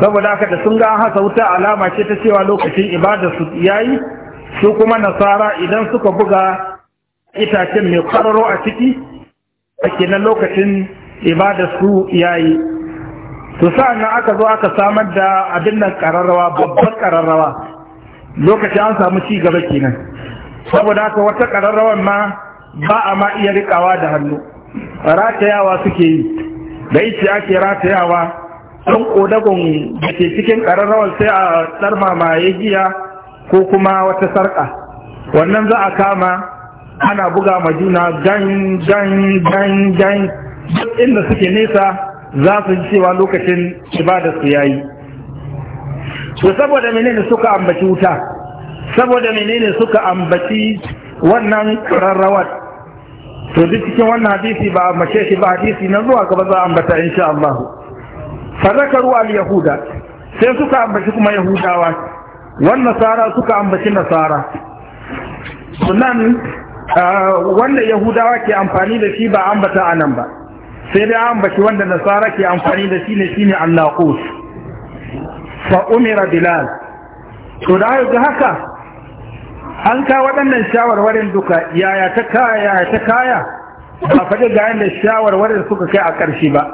saboda haka da sun ga haka wuta alama ce ta cewa lokacin ibada su yayi su kuma nasara idan suka buga itacen mai kwararo a ciki a kenan lokacin ibada su yayi to sa'an nan aka zo aka samar da abin nan kararrawa babban kararrawa lokacin an samu ci gaba kenan saboda haka wata kararrawan ma ba a ma iya rikawa da hannu ratayawa suke yi da ita ake ratayawa don ƙodagon da ke cikin ƙararrawar sai a tsarma ya giya ko kuma wata sarƙa wannan za a kama ana buga ma juna gan gan gan gan duk inda suke nesa za su ji cewa lokacin ibada su yayi to saboda menene suka ambaci wuta saboda menene suka ambaci wannan ƙararrawar to duk cikin wannan hadisi ba a mace shi ba hadisi na zuwa gaba za a ambata insha Allah fazakaru al-yahuda sai suka ambaci kuma yahudawa wan nasara suka ambaci nasara sunan wanda yahudawa ke amfani da shi ba ambata anan ba sai dai ambaci wanda nasara ke amfani da shi ne shine annaqus fa umira bilal to da ga haka an ka waɗannan shawarwarin duka yaya ta kaya yaya ta kaya ba faɗi ga yadda shawarwarin suka kai a ƙarshe ba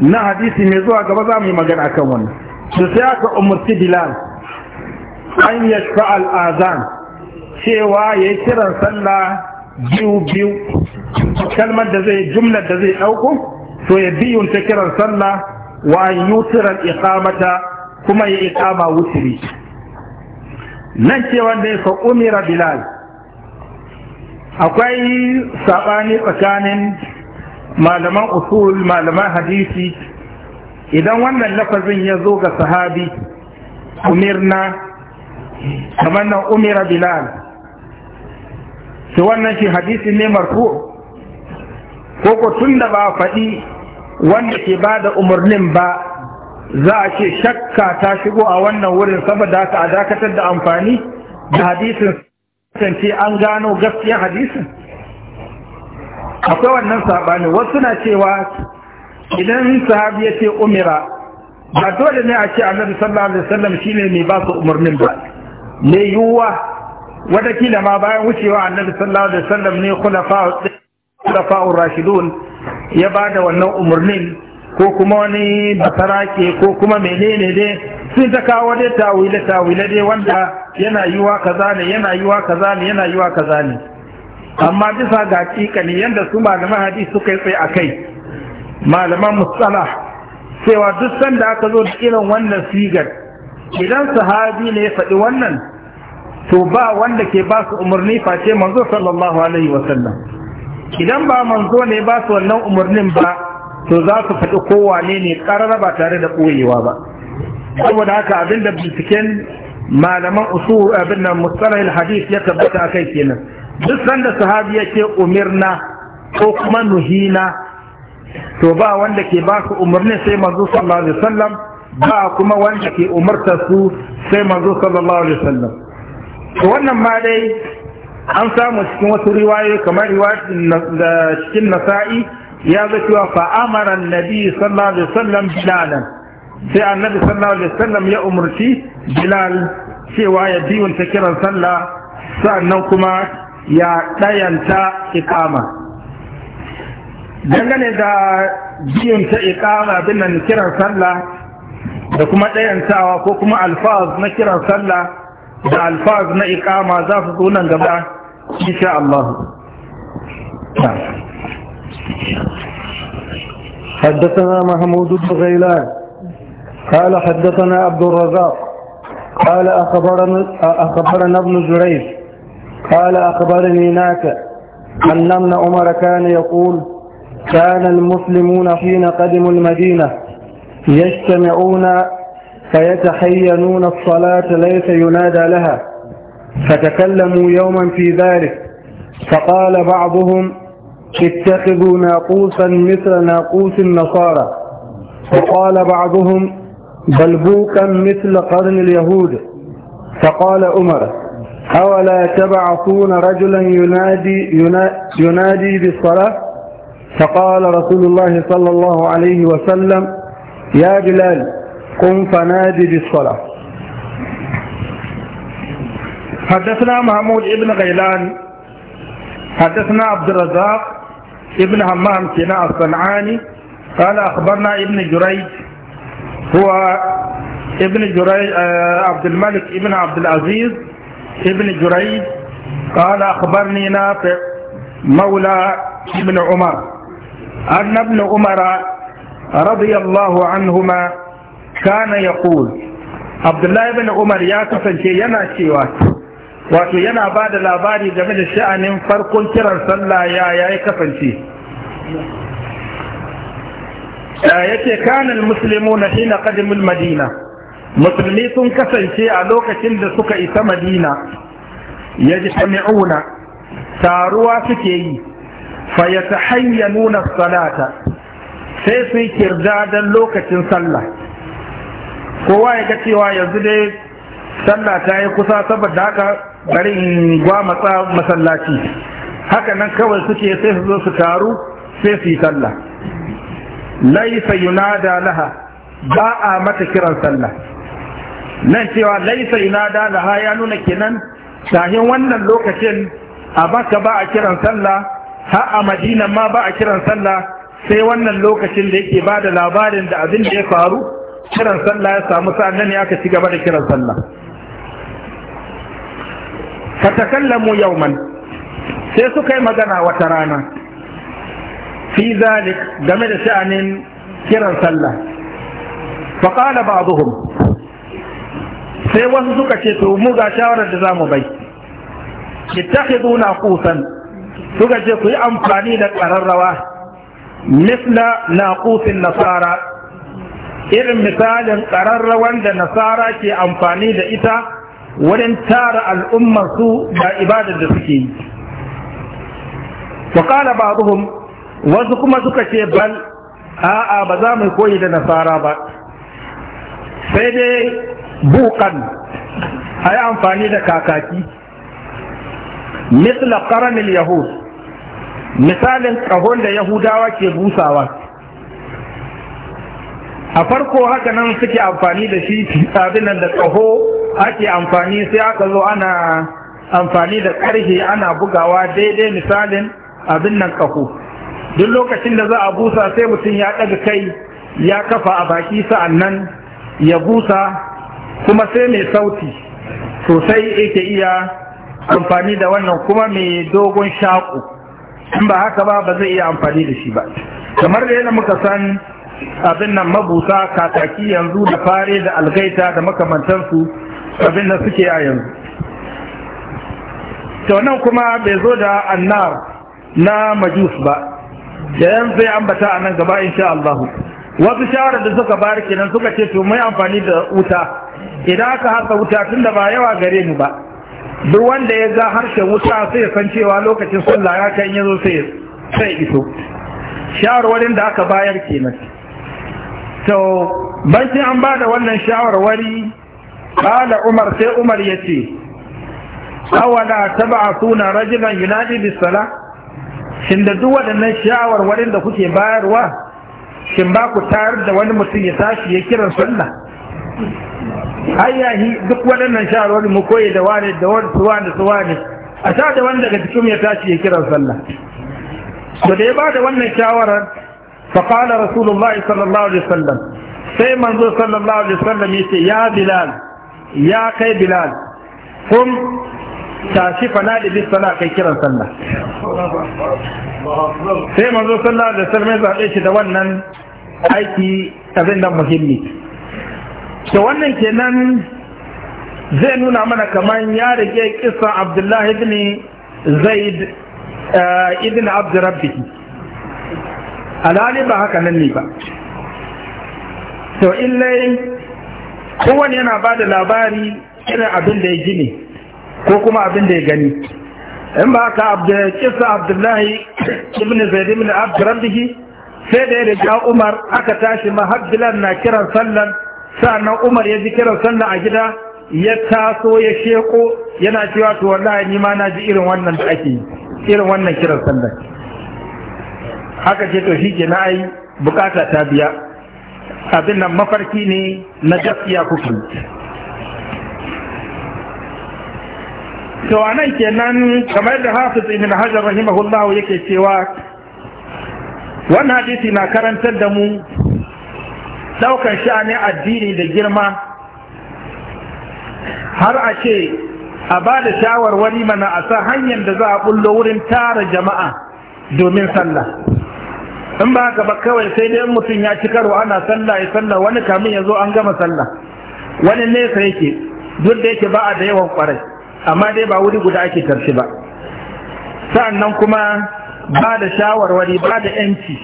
na hadisi mai zuwa gaba za mu yi magana kan wannan to sai aka umarci bilal an yashfa al'azan cewa ya yi kiran sallah biyu biyu kalmar da zai jumlar da zai ɗauko to ya biyun ta kiran sallah wa an iqamata kuma ya iqama wutiri nan cewa wanda ya fa umira bilal akwai sabani tsakanin malaman usul malaman hadisi idan wannan lafazin ya zo ga sahabi umirna kamar nan umira bilal shi wannan shi hadisi ne marfu ko ko tun da ba faɗi wanda ke ba da umarnin ba za a ce shakka ta shigo a wannan wurin saboda haka a dakatar da amfani da hadisin kasance an gano gaskiyar hadisin akwai wannan saɓani wasu na cewa idan sahabi ya ce umira ba dole ne a ce annabi sallallahu alaihi wasallam shine mai ba su umarnin ba yuwa yiwuwa kila ma bayan wucewa annabi sallallahu alaihi wasallam ne khulafa'ur rashidun ya ba da wannan umarnin ko kuma wani basarake ko kuma menene ne sun ta kawo dai tawile tawile dai wanda yana yiwa kaza ne yana yiwa kaza ne yana yiwa kaza ne amma bisa ga ne yadda su malaman hadisi suka yi tsaye a kai malaman musala cewa duk sanda aka zo da irin wannan sigar idan sahabi ne ya faɗi wannan to ba wanda ke ba su umarni face manzo sallallahu alaihi wasallam idan ba manzo ne ba su wannan umarnin ba to za su faɗi kowane ne ƙarara ba tare da ɓoyewa ba saboda haka abinda binciken malaman usul abin nan musala hadith ya tabbata kai kenan duk sanda sahabi yake umirna ko kuma nuhina to ba wanda ke ba su umarni sai manzo sallallahu alaihi wasallam ba kuma wanda ke umarta su sai manzo sallallahu alaihi wasallam to wannan ma dai an samu cikin wasu riwayoyi kamar riwayoyin da cikin nasa'i ya ga cewa fa amara annabi sallallahu alaihi wasallam bilalan sai annabi sallallahu alaihi wasallam ya umarci bilal cewa ya ta kiran sallah sannan kuma ya ɗayanta ikama dangane da biyun ta ikama binan kiran sallah da kuma ɗayantawa ko kuma alfaz na kiran sallah da alfaz na ikama za su zo nan gaba insha Allah حدثنا محمود بن غيلان قال حدثنا عبد الرزاق قال أخبرنا, أخبرنا ابن جريج قال أخبرني نافع أن ابن عمر كان يقول كان المسلمون حين قدموا المدينة يجتمعون فيتحينون الصلاة ليس ينادى لها فتكلموا يوما في ذلك فقال بعضهم اتخذوا ناقوسا مثل ناقوس النصارى فقال بعضهم بلبوكا مثل قرن اليهود فقال عمر أولا تبعثون رجلا ينادي, ينادي بالصلاة فقال رسول الله صلى الله عليه وسلم يا بلال قم فنادي بالصلاة حدثنا محمود ابن غيلان حدثنا عبد الرزاق ابن همام سيناء الصنعاني قال أخبرنا ابن جريج هو ابن جريج آه، عبد الملك ابن عبد العزيز ابن جريج قال أخبرني نافع مولى ابن عمر أن ابن عمر رضي الله عنهما كان يقول عبد الله بن عمر يا كفن شي ينا شي شيوات واتو ينا بعد لا بعد جميل الشأن فرق كرا صلى يا يا كفن شي آه، كان المسلمون حين قدموا المدينه musulmi sun kasance a lokacin da suka isa madina ya ji taruwa suke yi ta hanya nuna salata sai su yi don lokacin sallah kowa ya ga cewa yanzu dai sallah ta yi kusa saboda haka bari in gwamatsa masallaci haka nan kawai suke sai su zo su taru sai su yi sallah laisa yunada laha ba a mata kiran sallah nan cewa laisa ina da laha ya nuna kenan sahin wannan lokacin a baka ba a kiran sallah har a madina ma ba a kiran sallah sai wannan lokacin da yake ba da labarin da abin da ya faru kiran sallah ya samu sa'an ne aka ci gaba da kiran sallah fatakallamu yauman sai suka yi magana wata rana fi zalik game da sha'anin kiran sallah faqala ba'dhum sai wasu suka ce to mu ga shawarar da zamu bai ittakhiduna qusan suka ce ku yi amfani da ƙararrawa misla naqusin nasara irin misalin qararrawan da nasara ke amfani da ita wurin tara al'ummar su da ibadar da suke yi wa qala ba'dhum wasu kuma suka ce bal a'a ba za mu koyi da nasara ba sai dai buƙan a yi amfani da kakaki misla ƙaramin yahud misalin ƙahon da yahudawa ke busawa a farko haka nan suke amfani da shi nan da ƙaho ake amfani sai aka zo ana amfani da ƙarhe ana bugawa daidai misalin abin nan ƙaho duk lokacin da za a busa sai mutum ya ɗaga kai ya kafa a baki sa'an nan ya busa kuma sai mai sauti sosai yake iya amfani da wannan kuma mai dogon shaƙo in ba haka ba ba zai iya amfani da shi ba kamar da yana muka san abin nan mabusa kataki yanzu da fare da algaita da makamantansu abin da suke a yanzu to nan kuma bai zo da annar na majus ba da yan zai ambata a nan gaba insha Allah wasu shawarar da suka bayar kenan suka ce to mai amfani da wuta idan aka harsa wuta tun da ba yawa gare mu ba duk wanda ya ga harshen wuta sai ya san cewa lokacin sallah ya kan yazo sai sai iso shawarwarin da aka bayar kenan to bankin an bada wannan shawarwari kala umar sai umar ya ce awala suna rajulan yunadi bisala sala shin da duk waɗannan shawarwarin da kuke bayarwa shin ba ku tayar da wani mutum ya tashi ya kiran sallah Hayyahi duk waɗannan shawarwari mu koyi da wani da wani suwa da suwa ne a sha da wani daga cikin ya tashi ya kira sallah to da ya ba da wannan shawarar fa qala rasulullah sallallahu alaihi wasallam sai manzo sallallahu alaihi wasallam yace ya bilal ya kai bilal kum tashi na da bis sala kai kira sallah sai manzo sallallahu alaihi wasallam ya zabe shi da wannan aiki abin da muhimmi ta wannan kenan zai nuna mana kamar ya rage kisa abdullahi ibn zaid eh, ibn abdurrabbiki alhali ba haka nan ne ba to illai kowane yana ba da labari irin abin da ya gini ko kuma abin da ya gani in ba haka kisa abdullahi ibn zaid ibn abdurrabbiki sai da ya riga umar aka tashi mahabbilan na kiran sallan sa'annan umar ya ji kiran sallah a gida ya taso ya sheko yana cewa to wallahi ni ma na ji irin wannan da ake irin wannan kiran sallah haka ce to shike na ai bukata ta biya abin nan mafarki ne na gaskiya kuku to anan kenan kamar da hafiz ibn hajar rahimahullah yake cewa wannan hadisi na karantar da mu Daukan sha'anin addini da girma har a ce a ba da shawarwari mana a sa hanyar da za a bullo wurin tara jama'a domin sallah in ba haka ba kawai sai dai mutum ya ci karo ana sallah ya sallah wani kamin ya zo an gama sallah wani nesa yake duk da yake ba a da yawan kwarai amma dai ba wuri guda ake karshe ba sa'annan kuma ba da shawarwari ba da 'yanci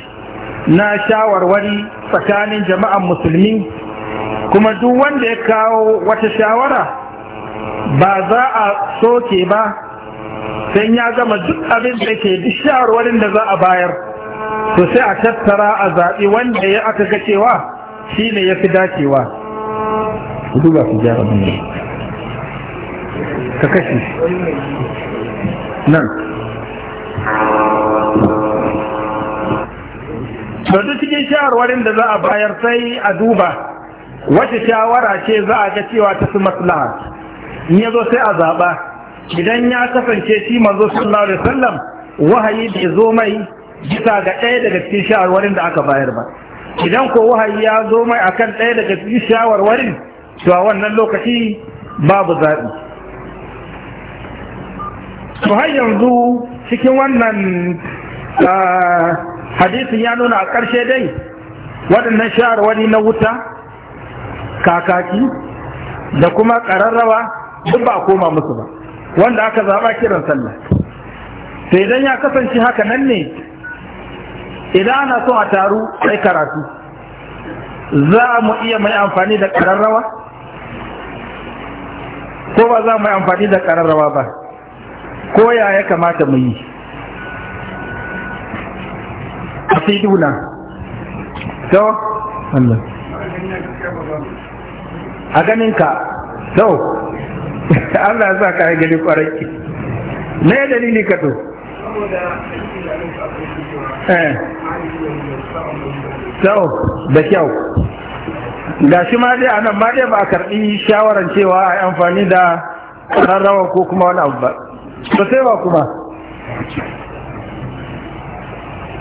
na shawarwari tsakanin jama'an musulmi kuma duk wanda ya kawo wata shawara ba za a soke ba sai ya gama duk abin da ke duk shawarwarin da za a bayar to sai a tattara a zaɓi wanda ya aka ga cewa shi ne ya fi dacewa duba su ne ka kashe nan duk cikin shawarwarin da za a bayar sai a duba wace shawara ce za a ga cewa ta su maslaha in yazo sai a zaɓa idan ya kasance shi manzo sallallahu alaihi wasallam wahayi bai zo mai bisa ga ɗaya daga cikin shawarwarin da aka bayar ba idan ko wahayi ya zo mai akan ɗaya daga cikin shawarwarin to a wannan lokaci babu zaɓi to har yanzu cikin wannan ah, hadisin ya nuna a ƙarshe dai waɗannan shawarwari na wuta kakaki da kuma ƙararrawa duk ba a koma musu ba wanda aka zaɓa kiran sallah sai idan ya kasance haka nan ne idan ana so a taru sai karatu za mu iya mai amfani da ƙararrawa ko ba za mu yi amfani da ƙararrawa ba ko ya ya kamata mu yi A asiduna to Allah a ganin ka to Allah ya sa ka gani kwarai me dalili ka to eh to da kyau ga shi ma dai anan ma dai ba a karbi shawaran cewa a yi amfani da rarrawa ko kuma wani abu ba ba sai ba kuma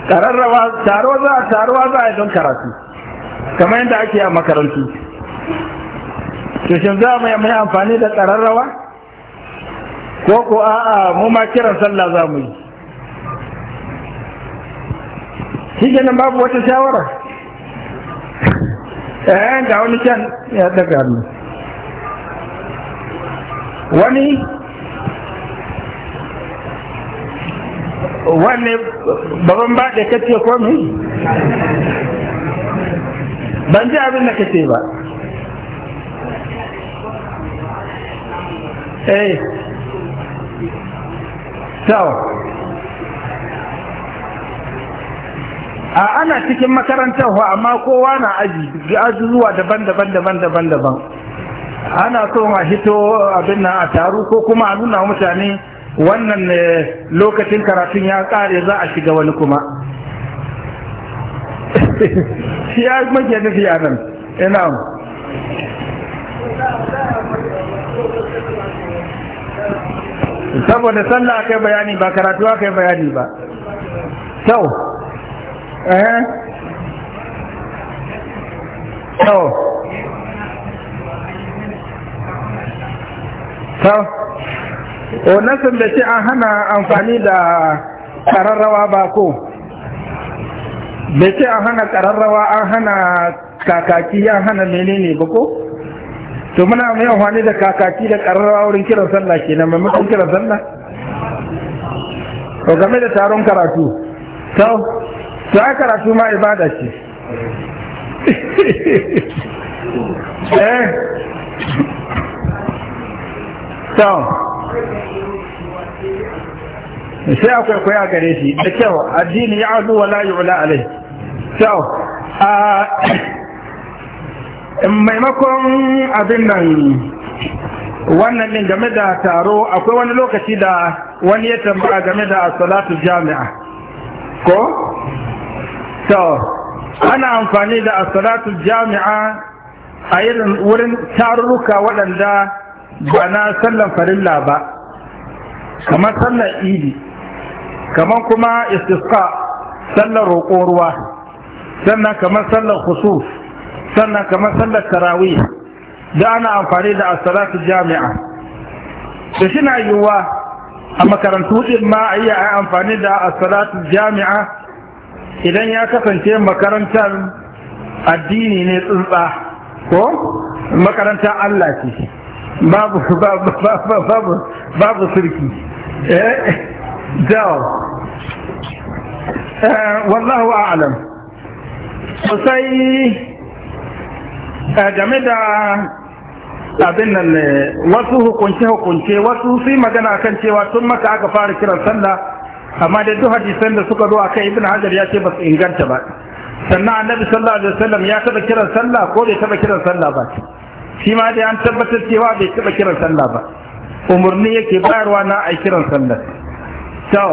kararrawa taruwa za a taruwa za a don karatu kamar yadda ake a makarantu to za mu yi amfani da kararrawa ko ko a'a mu ma kiran sallah za mu yi shi ganin babu wata shawara eh ga wani can ya daga hannu wani wanne baban ba da kace ko me ban ji abin da kace ba eh to a ana cikin makarantar amma kowa na aji azuzuwa daban-daban daban-daban daban ana so a hito abin nan a taru ko kuma a nuna mutane wannan eh, lokacin karatun ya kare za a shiga wani kuma shi ya mace nufi a nan ina eh, saboda aka yi bayani ba karatu aka yi bayani ba kyau eh? kyau kyau wannan sun da ce an hana amfani da kararrawa ba ko da ce an hana kararrawa an hana kakaki an hana menene ba ko to muna mai amfani da kakaki da kararrawa wurin kiran sallah kenan maimakon kiran sallah to game da taron karatu to to a karatu ma ibada ce eh to sai akwai kwaya gare shi da kyau addini ya azu wala wula alai kyau a maimakon abin nan wannan ne game da taro akwai wani lokaci da wani ya tambaya game da salatu jami'a ko kyau ana amfani da salatu jami'a a irin wurin tarurruka waɗanda ba na sallan farilla ba kamar sallan idi kamar kuma istisqa sallan roƙon ruwa sannan kamar sallan khusuf sannan kamar sallan tarawih da ana amfani da asalatu jami'a da shi na yiwuwa a makarantu din ma a iya amfani da asalatu jami'a idan ya kasance makarantar addini ne tsuntsa ko makarantar Allah ce babu babu babu babu sirki eh dawo eh, wallahu a'lam sosai eh, game da abin nan ne, eh, wasu hukunce-hukunce wasu su magana kan cewa tun maka aka fara kiran sallah amma da duk hadisan da suka zo akan ibn hajar ya ce ba su inganta ba sannan annabi sallallahu alaihi wasallam ya taba kiran sallah ko bai taba kiran sallah ba shi ma dai an tabbatar cewa bai taɓa kiran sallah ba umarni yake bayarwa na a kiran sallah to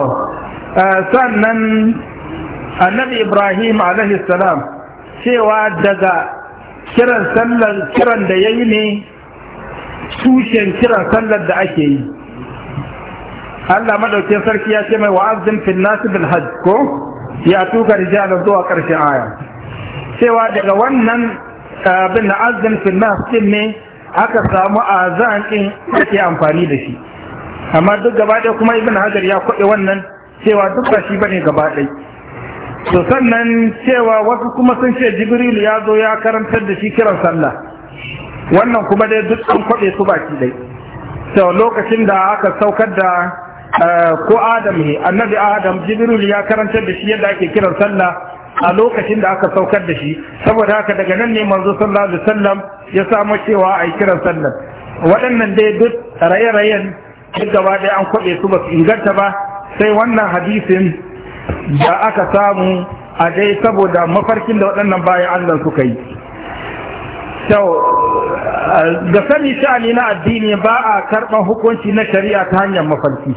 sannan annabi ibrahim alaihi salam cewa daga kiran sallar kiran da ya yi ne tushen kiran sallar da ake yi Allah madaukin sarki ya ce mai wa'azin fil nasi bil hajj ko ya tuka rijalar zuwa ƙarshen aya cewa daga wannan abin da azan filmas din ne aka samu a za'an ɗin ake amfani da shi amma duk gaba ɗaya kuma ibn hajar ya kwaɗe wannan cewa duk ba shi bane gaba ɗaya to sannan cewa wasu kuma sun ce jibril ya zo ya karantar da shi kiran sallah wannan kuma dai duk an kwaɗe su baki dai, to lokacin da aka saukar da eh, ko adam ne annabi adam jibril ya karantar da shi yadda ake kiran sallah a lokacin da aka saukar da shi saboda haka daga nan ne manzo sallallahu alaihi wasallam ya samu cewa a kiran sallar waɗannan dai duk raye-rayen duk gaba ɗaya an kwaɓe su ba su inganta ba sai wannan hadisin da aka samu a dai saboda mafarkin da waɗannan bayan Allah suka yi da sani sha'ani na addini ba a karɓar hukunci na shari'a ta hanyar mafarki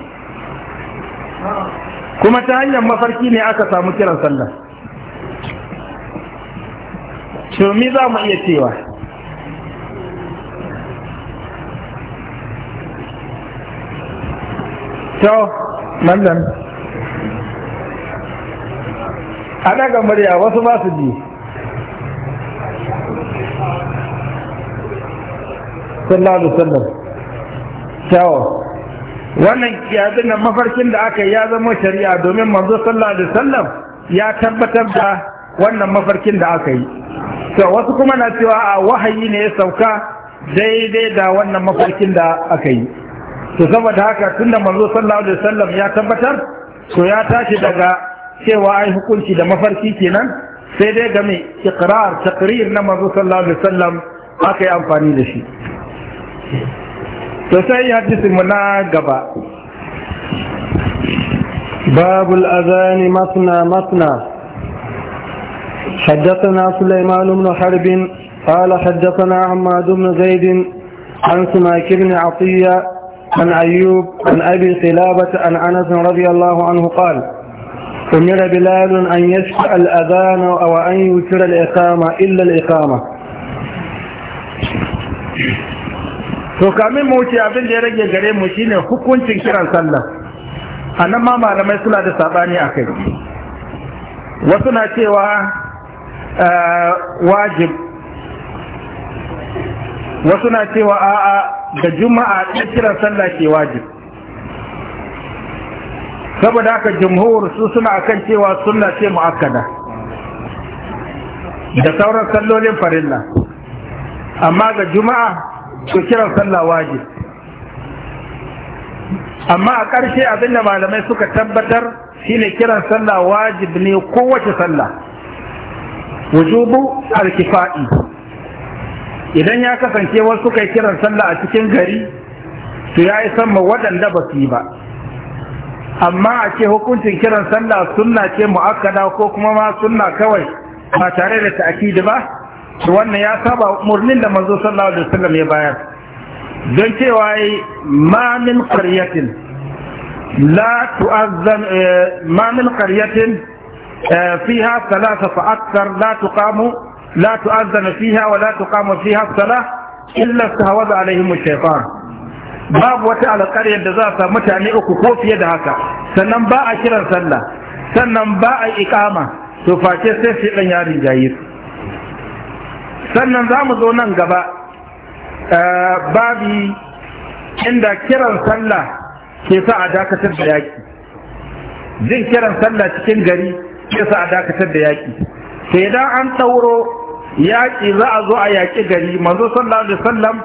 kuma ta hanyar mafarki ne aka samu kiran sallah mi za mu iya cewa to mallan a daga murya wasu ba su ji sallallahu alaihi wasallam to wannan yazin mafarkin da aka yi ya zama shari'a domin manzo sallallahu alaihi wasallam ya tabbatar da wannan mafarkin da aka yi to wasu kuma na cewa a wahayi ne ya sauka daidai da wannan mafarkin da aka yi to saboda haka tunda manzo sallallahu alaihi wasallam ya tabbatar to ya tashi daga cewa ai hukunci da mafarki kenan sai dai game mai iqrar taqrir na manzo sallallahu alaihi wasallam aka yi amfani da shi to sai hadisin mu na gaba babul azani masna masna حدثنا سليمان بن حرب قال حدثنا عماد بن زيد عن سماك بن عطية عن أيوب عن أبي قلابة عن أنس رضي الله عنه قال أمر بلال أن يشفع الأذان أو أن يوتر الإقامة إلا الإقامة to موتي mu wuce abin da ya rage gare mu shine hukuncin kiran sallah anan ma malamai suna da sabani wajib wasu na cewa a'a da juma'a ɗin kiran sallah ke wajib saboda haka jumhur su suna akan cewa sunna ce mu'akkada da sauran sallolin farilla amma ga juma'a su kiran sallah wajib amma a ƙarshe abinda malamai suka tabbatar shine kiran sallah wajib ne kowace sallah wujubu alkifa'i idan ya kasance wasu suka yi kiran sallah a cikin gari to ya yi sama waɗanda ba su yi ba amma a ce hukuncin kiran sallah sunna ce mu'akkada ko kuma ma sunna kawai ba tare da ta'akidi ba to wannan ya saba murnin da manzo sallallahu alaihi wasallam ya bayar don cewa yi ma min qaryatin la tu'azzan eh, ma min فيها ثلاثة فأكثر لا تقام لا تؤذن فيها ولا تقام فيها الصلاة إلا استهوذ عليهم الشيطان babu wata alƙaryar da za a samu mutane uku ko fiye da haka sannan ba a kiran sallah sannan ba a to face sai shi ɗan yarin sannan za mu zo nan gaba babi inda kiran sallah ke sa a dakatar da yaƙi jin kiran sallah cikin gari yasa a dakatar da yaƙi sai idan an ɗauro yaƙi za a zo a yaƙi gari manzo sallallahu alaihi wasallam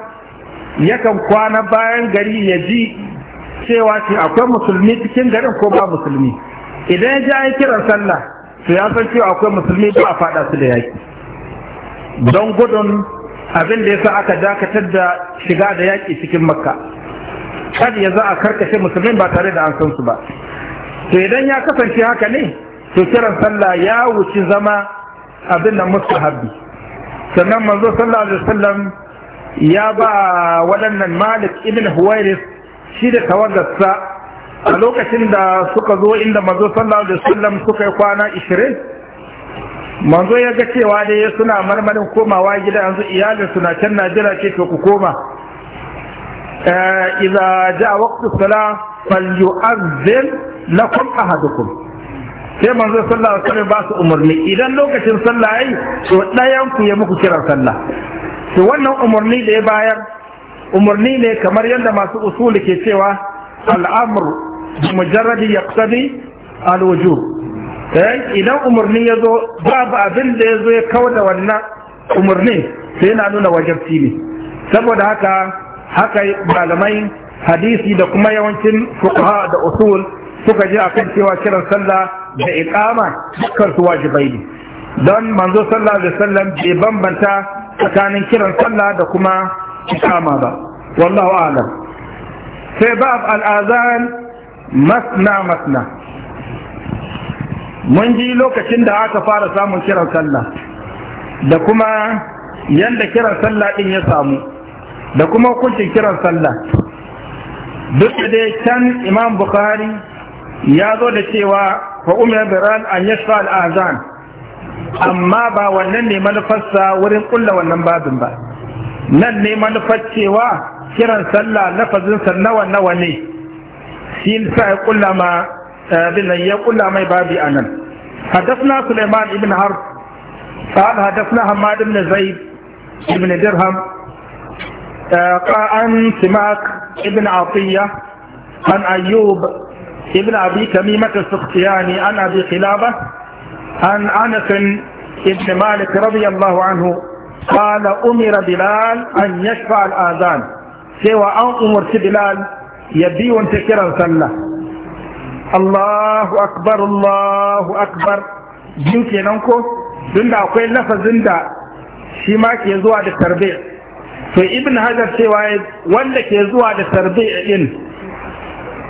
yakan kwana bayan gari ya ji cewa shi akwai musulmi cikin garin ko ba musulmi idan ya ji an kiran sallah to ya san cewa akwai musulmi ba a faɗa su da yaƙi don gudun abin da yasa aka dakatar da shiga da yaƙi cikin makka kada ya za a karkashe musulmin ba tare da an san su ba to idan ya kasance haka ne sai kiran sallah ya wuce zama abin da musu habbi sannan manzo sallallahu alaihi wasallam ya ba waɗannan malik ibn huwairis shi da tawagarsa a lokacin da suka zo inda manzo sallallahu alaihi wasallam suka yi kwana 20 manzo ya ga cewa da dai suna marmarin komawa gida yanzu iyalin suna can Najeriya ce to ku koma eh, idza ja'a waqtu salah falyu'azzin lakum ahadukum sai manzo sallallahu alaihi wasallam ba su umarni idan lokacin sallah yayi to ɗayan ku ya muku kiran sallah to wannan umarni da ya bayar umarni ne kamar yadda masu usuli ke cewa al'amr mujarradi yaqtadi al-wujub eh, idan umarni ya zo babu abin da ya zo ya kawo da wannan umarni sai yana nuna wajabci ne saboda haka haka malamai hadisi da kuma yawancin fuqaha da usul suka je akan cewa kiran sallah da iqama dukkan su wajibai ne don manzo sallah da wasallam bai bambanta tsakanin kiran sallah da kuma iqama ba wallahu a'lam sai bab al-azan masna masna mun ji lokacin da aka fara samun kiran sallah da kuma yadda kiran sallah din ya samu da kuma hukuncin kiran sallah duk da can imam bukhari ya zo da cewa fa umar biran an yashfa al'azan amma ba wannan ne manufarsa wurin kulla wannan babin ba nan ne manufar cewa kiran sallah lafazinsa nawa nawa ne shi sa ya kulla ma eh, bilan ya kulla mai babi a nan حدثنا Suleiman Ibn حرب قال حدثنا حماد بن زيد بن درهم عن سماك بن عطية عن أيوب ابن أبي تميمة السختياني عن أبي قلابة عن أنس بن مالك رضي الله عنه قال أمر بلال أن يشفع الآذان سوى أن أمرت بلال يبي وانتكرا صلى الله أكبر الله أكبر جنكي ننكو دون أقول لفظ دا شما كي زوا للتربيع to ibn hajar cewa wanda ke zuwa da tarbi'a din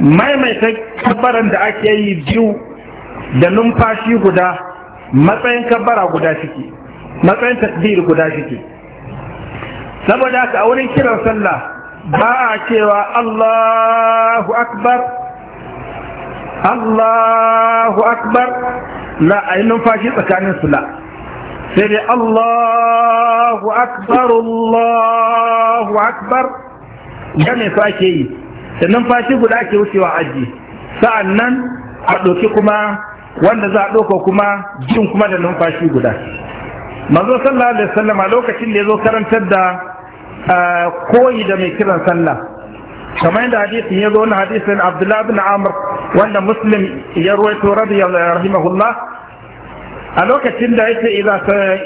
maimaita kabbaran da ake yi biyu da numfashi guda matsayin kabbara guda shiki matsayin tasbir guda shiki saboda haka a wurin kiran sallah ba a cewa Allahu akbar Allahu akbar la a yi numfashi tsakanin sula sai dai Allahu akbar Allahu akbar game su ake yi sannan fashi guda ake wucewa aji sa'an nan a ɗauki kuma wanda za a ɗauka kuma jin kuma da numfashi guda manzo Sallah alaihi wasallam a lokacin da ya zo karantar da koyi da mai kiran sallah kamar yadda hadisin ya zo wani hadisin abdullahi bin Amur, wanda muslim ya ruwaito radiyallahu rahimahullah a lokacin da yake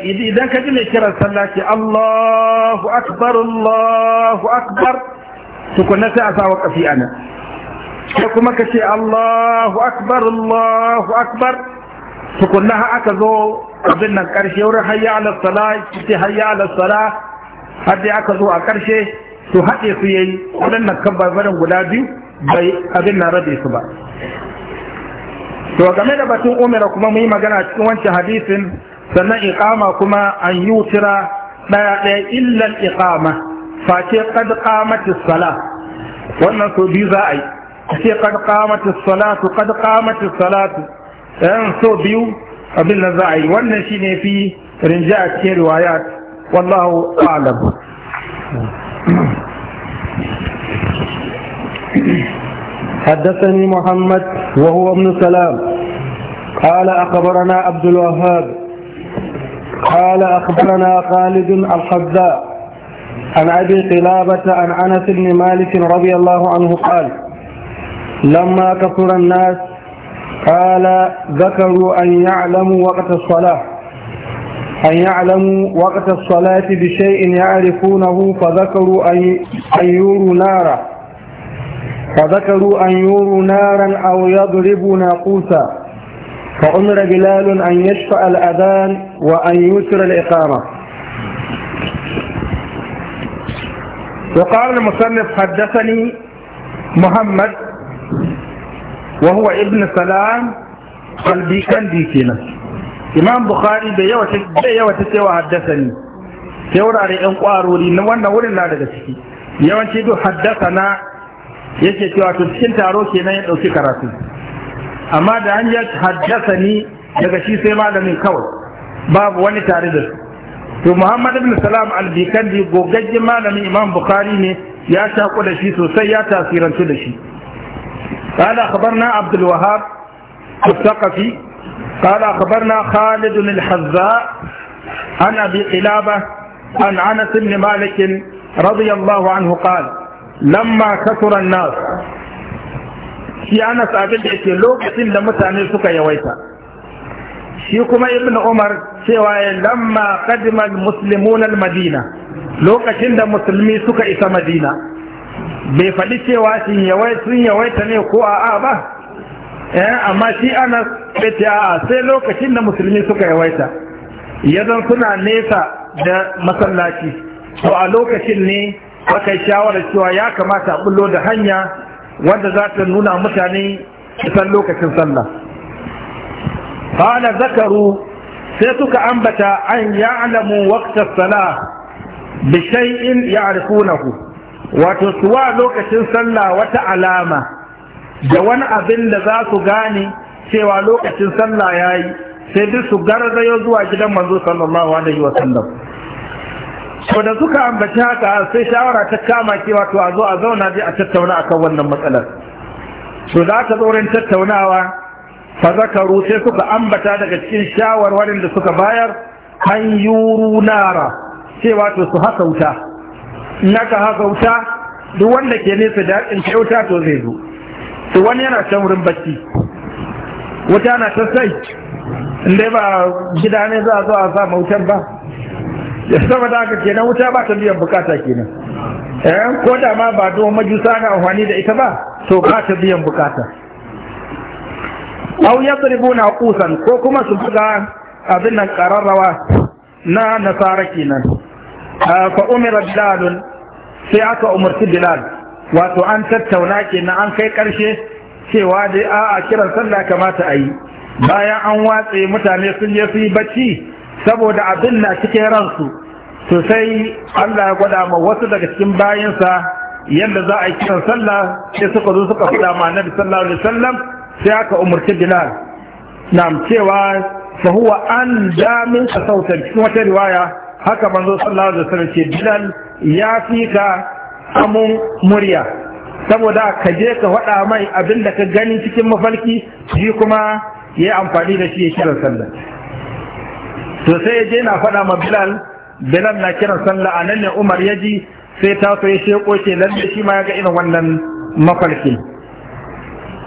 idan ka ji mai kiran sallah ke allahu akbar allahu akbar tukunna sai a kafi wakafi a sai kuma ka ce Allahu akbar Allahu akbar tukunna ha aka zo abin nan karshe wurin hayya ala sala ki hayya ala sala har dai aka zo a karshe to haɗe su yayi waɗannan kan barbaran guda biyu bai abin nan rabe su ba to game da batun umara kuma mu yi magana cikin wancan hadisin sannan iqama kuma an yutira daya daya illal iqama face qad qamatis sala wannan so biyu za a yi ce qad qamatis salatu qad qamatis salatu ɗayan so biyu abin da za a yi wannan shine fi rinja a cikin riwayat wallahu a'lam حدثني محمد وهو ابن سلام قال أخبرنا عبد الوهاب قال أخبرنا خالد الحذاء عن أبي قلابة عن أنس بن مالك رضي الله عنه قال لما كثر الناس قال ذكروا أن يعلموا وقت الصلاة أن يعلموا وقت الصلاة بشيء يعرفونه فذكروا أن يوروا نارا فذكروا أن يوروا نارا أو يضربوا ناقوسا فأمر بلال أن يشفع الأذان وأن يسر الإقامة وقال المصنف حدثني محمد وهو ابن سلام البيكندي kenan, imam bukhari bai yawata cewa haddasa ni yan kwarori na wannan wurin na daga ciki yawanci duk haddasa na yake cewa to cikin taro kenan ya dauki karatu amma da hanyar haddasa ni daga shi sai malamin kawai babu wani tare da su to muhammad ibn salam al-bikandi gogaggen malamin imam bukhari ne ya taku da shi sosai ya tasirantu da shi قال أخبرنا عبد الوهاب الثقفي قال أخبرنا خالد الحذاء عن أبي قلابة عن أنس بن مالك رضي الله عنه قال لما كثر الناس في أنس لو لوكس لما تعني سكا يويتا shi kuma ibn umar cewa ya lamma qadimal muslimun al-madina lokacin da musulmi suka isa madina bai faɗi cewa sun yawaita ne ko a'a ba eh, amma shi ana ce a'a sai lokacin da musulmi suka yawaita ya zan suna nesa da masallaci to a lokacin ne aka yi shawarar cewa ya kamata a bullo da hanya wanda za ta nuna mutane isan lokacin sallah qala zakaru sai suka ambata an ya'lamu waqta salah bi shay'in ya'rifunahu wato suwa lokacin sallah wata alama da wani abin da za su gane cewa lokacin sallah yayi sai duk su garzayo zuwa gidan manzo sallallahu alaihi wa sallam to da suka ambaci haka sai shawara ta kama cewa to a zo a zauna dai a tattauna akan wannan matsalar to da aka zo tattaunawa fazakaru sai suka ambata daga cikin shawarwarin da suka bayar an yuru nara sai wato su haka wuta naka haka wuta duk wanda ke nesa da ce wuta to zai zo to wani yana can wurin bacci wuta na ta sai inda ba gida ne za a zo a sa wutar ba ya da haka kenan wuta ba ta biyan bukata kenan eh ko da ma ba don majusa na amfani da ita ba to ba ta biyan bukata aw na kusan ko kuma su buga abin nan kararrawa na nasara kenan ah, fa umira bilal sai aka umarci bilal wato an tattauna kenan an kai karshe cewa dai a a kiran sallah kamata a yi bayan an watse mutane sun je su yi bacci saboda abin na cikin ransu to sai Allah ya gwada ma wasu daga cikin bayansa yadda za a yi kiran sallah sai suka zo suka faɗa ma annabi sallallahu alaihi wasallam sai aka umarci bilal na cewa fahuwa an damin ka sautar cikin wata riwaya haka manzo sallallahu alaihi wasallam ce bilal ya fi ka amun murya saboda ka je ka faɗa mai abin da ka gani cikin mafarki shi kuma ya yi amfani da shi ya kira sallah to sai ya je na faɗa ma bilal bilal na kiran sallah a nan ne umar ya ji sai ta so ya sheko ce lalle shi ma ya ga irin wannan mafarkin.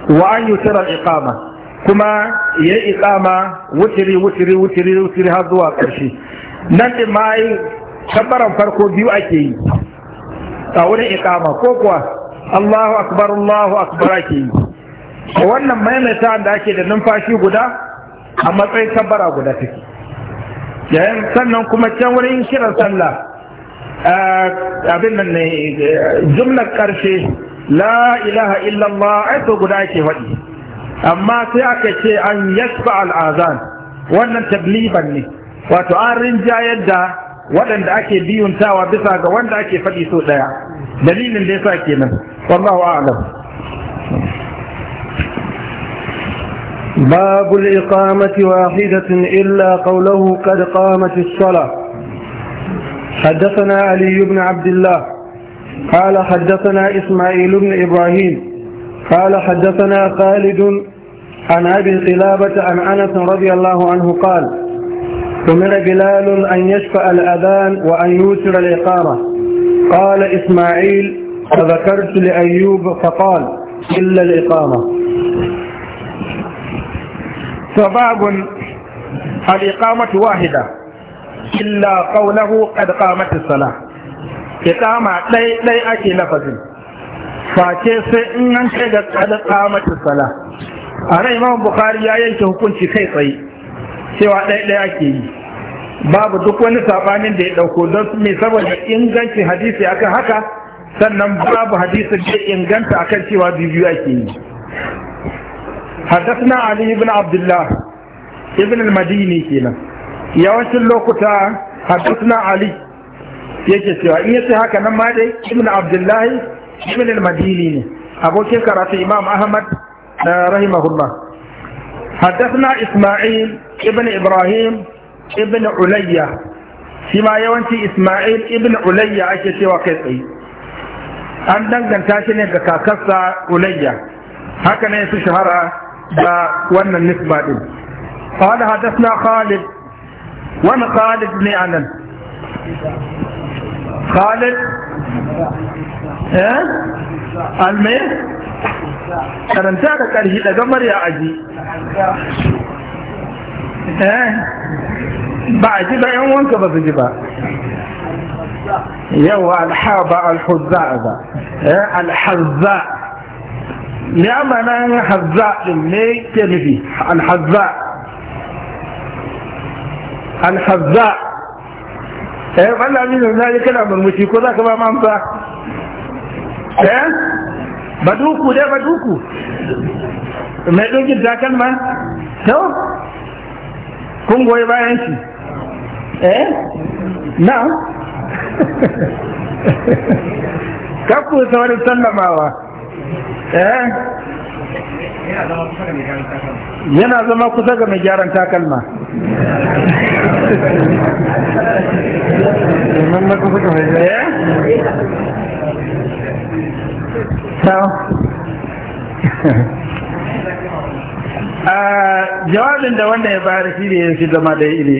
wa an yutira iqama kuma ya iqama wutiri wutiri wutiri wutiri har zuwa ƙarshe, nan din ma ai farko biyu ake yi a wurin iqama ko kuwa Allahu akbar Allahu akbar ake yi wannan ta da ake da numfashi guda a matsayin kabbara guda take yayin sannan kuma can wurin kiran sallah eh, abin nan ne eh, jumlar ƙarshe. لا إله إلا الله أتو قدائك ودي أما سيأك شيء أن يسبع الآذان وأن تبليبا لي وتعارن جايدا وأن أكي بيون تاوى بساق وأن أكي فدي سوء ليا دليل ليس أكينا والله أعلم باب الإقامة واحدة إلا قوله قد قامت الصلاة حدثنا علي بن عبد الله قال حدثنا إسماعيل بن إبراهيم قال حدثنا خالد عن أبي قلابة عن أنس رضي الله عنه قال أمر بلال أن يشفع الأذان وأن يوتر الإقامة قال إسماعيل فذكرت لأيوب فقال إلا الإقامة فباب الإقامة واحدة إلا قوله قد قامت الصلاة kiɗama ɗai ɗai ake lafazin face sai in an kai ga tsada kamata sala a rai imam bukhari ya yanke hukunci kai tsaye cewa ɗai ɗai ake yi babu duk wani sabanin da ya ɗauko don me saboda ingancin hadisi akan haka sannan babu hadisi da inganta akan cewa biyu ake yi حدثنا علي بن عبد الله ابن المديني كنا yawancin اللوكتا حدثنا علي yake cewa in yace haka nan ma dai ibn abdullahi ibn al-madini ne abokin karatun imam ahmad na eh, rahimahullah haddathna isma'il ibn ibrahim ibn ulayya shi ma yawanci isma'il ibn ulayya ake cewa kai tsaye an danganta shi ne ga kakarsa ulayya haka ne su shahara da wannan nisba din قال حدثنا خالد وانا خالد بن خالد المي انا انتهى كاره الى قمر يا عزيز عزي بعد جبا يوم وانك بجبا يو الحابة الحزاء ذا الحزاء يا من حزاء المي تنفي الحزاء الحزاء, الحزاء. eh Allah min na ji kana murmushi ko za ba mamsa eh baduku dai baduku mai dokin takalma to kun goyi bayan shi eh na kakku wani sallamawa eh yana zama kusa ga mai gyaran takalma eh? ah, jawabin da wanda ya bayar shi ne shi zama da iri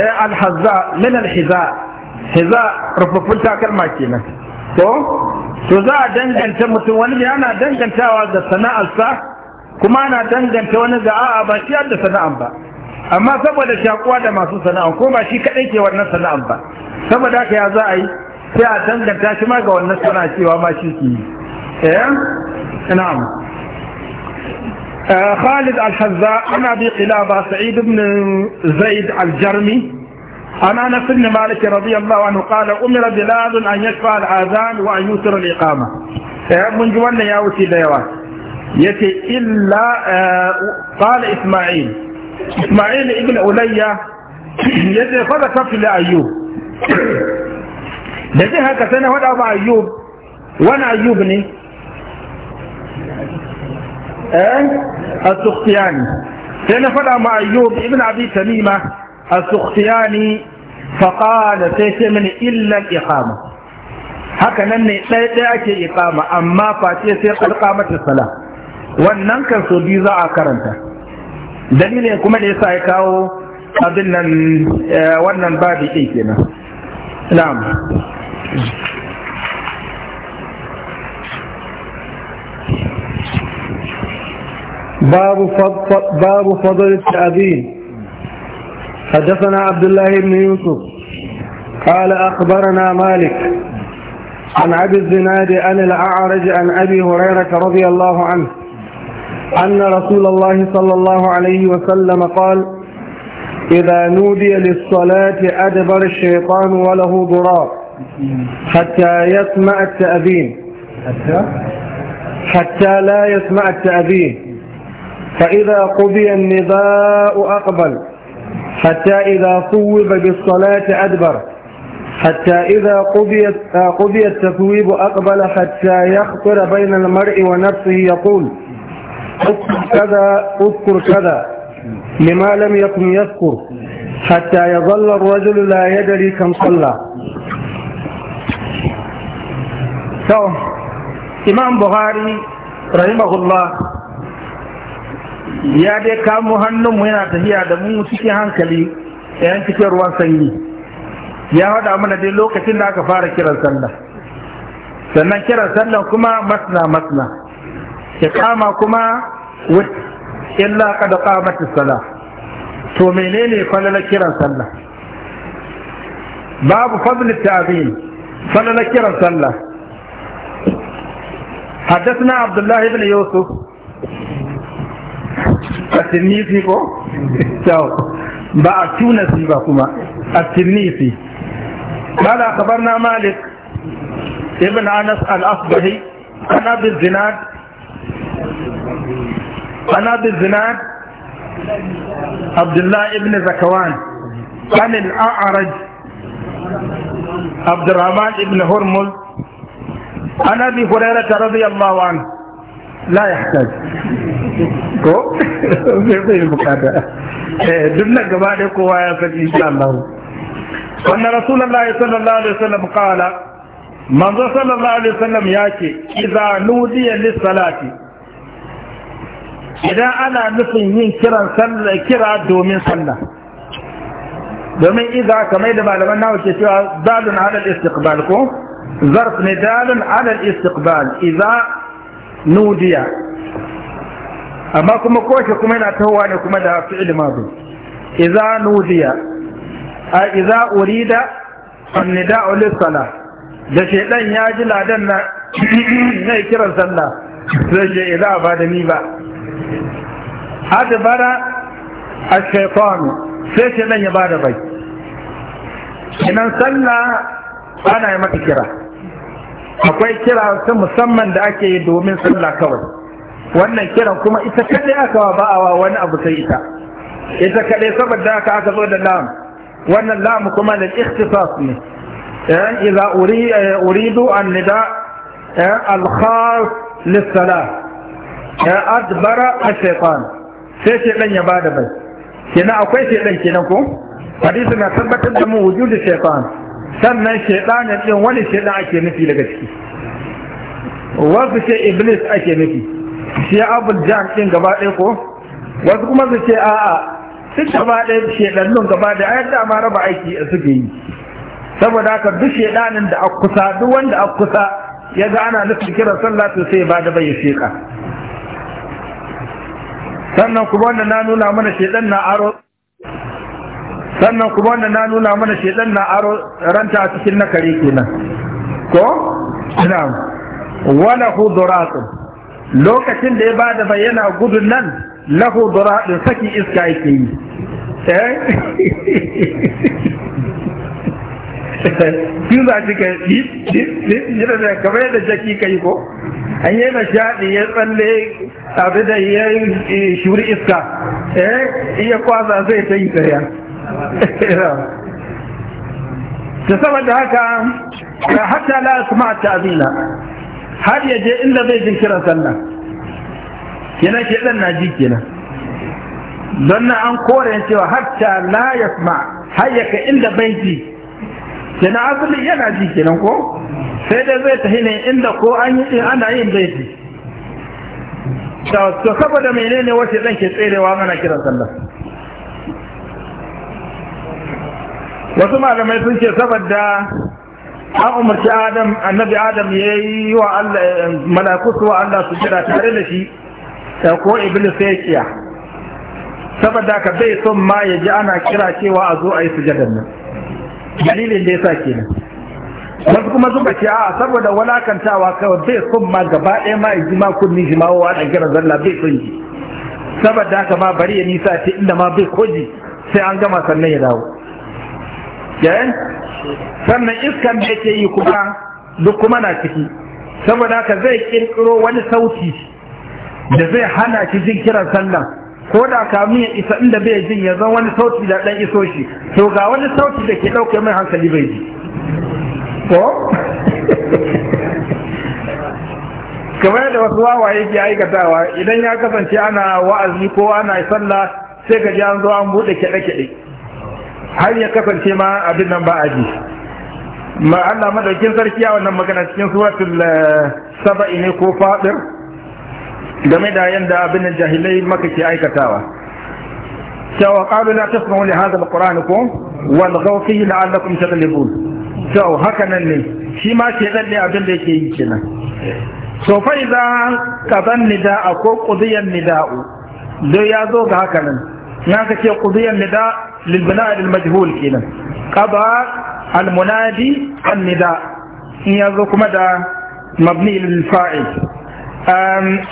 eh, alhaza min alhiza hiza rufaffun takalma kenan to to za a danganta mutum wani ana dangantawa ga sana'arsa kuma ana danganta wani ga a'a ba shi da sana'an ba amma saboda shakuwa da masu sana'an ko ba shi kadai ke wannan sana'an ba saboda haka ya za a yi sai a danganta shi ma ga wannan sana'a cewa ma shi ke yi eh na'am خالد الحذاء عن ابي قلابه سعيد بن زيد الجرمي عن انس بن مالك رضي الله عنه قال امر بلال ان يشفع الاذان وان يوتر الاقامه إيه، من جوانا يا وتي ديوان. يتي الا آه، قال اسماعيل اسماعيل ابن عليا يتي فضل في ايوب da هكا سنة ولا ابو ايوب وانا ايوبني ايه السختياني سنة eh ابو ايوب ابن ابي تميمه السخياني فقال سيتمن إلا الإقامة هكذا نني لا إقامة أما فاتي سيقل الصلاة وننك سبيزا أكرنتا دليل يكما ليسا يكاو أظن آه، ونن بابي إيكينا نعم باب فضل باب حدثنا عبد الله بن يوسف قال أخبرنا مالك عن أبي الزناد عن الأعرج عن أبي هريرة رضي الله عنه أن رسول الله صلى الله عليه وسلم قال إذا نودي للصلاة أدبر الشيطان وله ضرار حتى يسمع التأذين حتى لا يسمع التأذين فإذا قضي النداء أقبل حتى إذا صوب بالصلاة أدبر حتى إذا قضي آه، قضي التثويب أقبل حتى يخطر بين المرء ونفسه يقول اذكر كذا اذكر كذا لما لم يكن يذكر حتى يظل الرجل لا يدري كم صلى إمام بخاري رحمه الله ya dai kamo hannunmu yana tafiya da mu cikin hankali yan cikin ruwan sanyi ya hada mana dai lokacin da aka fara kiran sallah sannan kiran sallah kuma masna masna kama kuma illa kada qamat as-salah to menene falala kiran sallah babu fadl tazim falala kiran sallah حدثنا عبد الله بن يوسف atinisi ko kyau ba a tunasi ba kuma atinisi ba da na malik ibn anas al-asbahi ana bin zinad ana bin zinad abdullahi ibn zakawan kan al-a'araj abdurrahman ibn hormul ana bin hurairata radiyallahu anhu la ya ko sai sai bukata eh duk nan gaba da kowa ya san insha Allah wannan rasulullahi sallallahu alaihi wasallam qala manzo sallallahu alaihi wasallam yake idza nudiya lis salati idan ana nufin yin kiran sallah kira domin sallah domin idza kamar da malaman nawa ke cewa zalun ala istiqbal ko zarf ne dalun ala istiqbal idza nudiya amma kuma kowace kuma yana tahowa ne kuma da fi'il madi idza nudiya a idza urida nida'u lis sala da shedan ya ji ladan na ne kiran sallah sai je idza ba da ni ba adbara ash-shaytan sai shedan ya bada bai idan sallah ana yi mata kira akwai kira ta musamman da ake yi domin sallah kawai wannan kiran kuma ita kadai aka wa ba'awa wani abu sai ita ita kadai saboda haka aka zo da lam wannan lam kuma da ikhtisas ne yan eh, idza eh, uridu an nida eh, al khas lis salah adbara ash-shaytan sai shi dan ya bada bai kina akwai shi shedan kenan ko hadisi na tabbatar da mu wujudu shaytan sannan shedanin din wani shedan ake nufi daga ciki wasu sai iblis ake nufi shi abul jihar ɗin gaba ɗaya ko wasu kuma su ce a'a duk gaba ɗaya shedannun gaba da ayar da ma raba aiki a suke yi saboda haka duk shedanin da a kusa duk wanda a kusa ya ga ana nufin kiran sallah to sai ba da bai sheka sannan kuma wanda na nuna mana shedan na aro sannan kuma wanda na nuna mana shedan na aro ranta a cikin na kare kenan ko ina wala huduratun lokacin da ya ba da bayyana gudun nan lahu da saki iska yake yi eh? Kin za ci ka yi da kamar yadda jaki ka yi ko an yi na shaɗi ya tsalle abu da ya shuri iska eh? iya kwasa zai ta yi tsaya ta saboda haka hatta la asma ta'zila har ya je inda zai jin kiran sallah kenan ke dan naji kenan don na an kore cewa hatta la yasma har ya kai inda bai ji kenan azumi yana ji kenan ko sai dai zai tafi ne inda ko an yi ana yin bai ji to saboda menene wace dan ke tserewa mana kiran sallah wasu malamai sun ce saboda an umarci adam annabi adam ya yi wa Allah wa Allah su jira tare da shi ko iblis sai kiya saboda ka bai son ma ya ji ana kira cewa a zo a yi sujadar nan dalilin da yasa kenan wasu kuma suka ce a saboda walakantawa kawai bai son ma gaba ɗaya ma ya ji ma kunni shi ma wa da kira zalla bai son ji saboda ka ma bari ya nisa ta inda ma bai koji sai an gama sannan ya dawo yayin sannan iskan da yake yi kuma duk kuma na ciki saboda haka zai kirkiro wani sauti da zai hana ki jin kiran sallan ko da kamun ya isa inda bai jin ya zan wani sauti da dan iso shi to ga wani sauti da ke dauke mai hankali bai ji ko kamar da wasu wawaye ke aikatawa idan ya kasance ana wa'azi ko ana sallah sai ka ji an zo an bude har ya kasance ma abin nan ba a ji ma Allah madaukin sarki a wannan magana cikin suratul eh, saba'i ne ko fadir game da yanda abin da jahilai maka ke aikatawa cewa qalu la tasma'u li hadha alquran ko wal yi fihi la'allakum taghlibun to haka nan ne shi ma ke dan ne abin da yake yi kenan so fa idza qadan a ko qudiyan nida'u dai ya zo ga haka nan na ka ce qudiyan nida' للبناء المجهول كنا قضى المنادي النداء إن يذوق مدى مبني للفاعل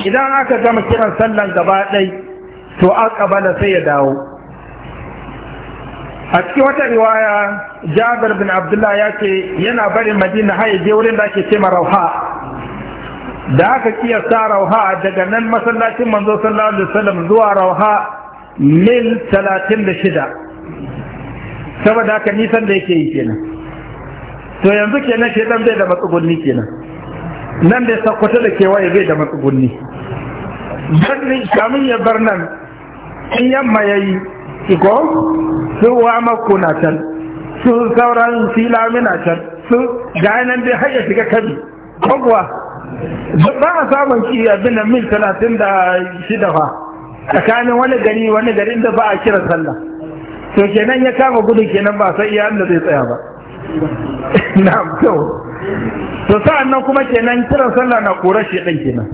إذا أكا كما كنا سلا قبالي تو أقبل سيداو أتكي وتا رواية جابر بن عبد الله ياتي ينا بري المدينة هاي جورين داكي سيما روحاء داك كي يسار روحاء دقنا المسلاتين منذ صلى الله عليه وسلم زوا روحاء من ثلاثين لشدة saboda haka nisan da yake yi kenan to yanzu kenan shi dan bai da matsugunni kenan nan da sakkwata da kewaye bai da matsugunni barni kamun ya bar nan in yamma ya yi iko su wa na can su sauran filami na can su ga nan dai har ya shiga kabi Kogwa ba a samun ki abin nan mil talatin da shida fa tsakanin wani gari wani gari da ba a kira sallah to kenan ya kama gudun kenan ba sai iya da zai tsaya ba na'am kyau to sa'an nan kuma kenan kiran sallah na kura shi ɗan kenan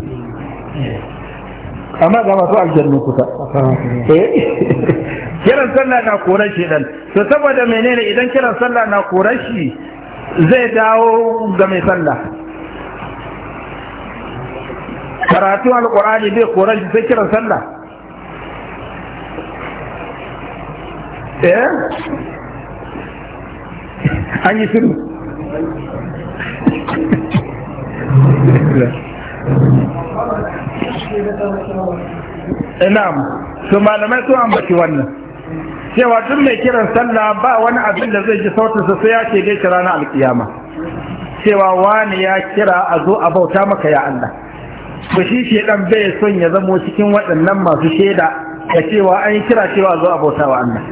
amma ga masu aljannu kusa eh? kiran sallah na kura shi ɗan to saboda menene idan kiran sallah na kura shi zai dawo ga mai sallah karatu alƙur'ani bai kura shi sai kiran sallah eh an yi shiru eh, na'am su malamai sun ambaci wannan cewa duk mai kiran sallah ba wani abin da zai ji sautinsa sai ya ce dai kira alkiyama cewa wani ya kira a zo a bauta maka ya Allah to shi shedan bai son ya zamo cikin waɗannan masu shaida da cewa an yi kira cewa zo a bauta wa Allah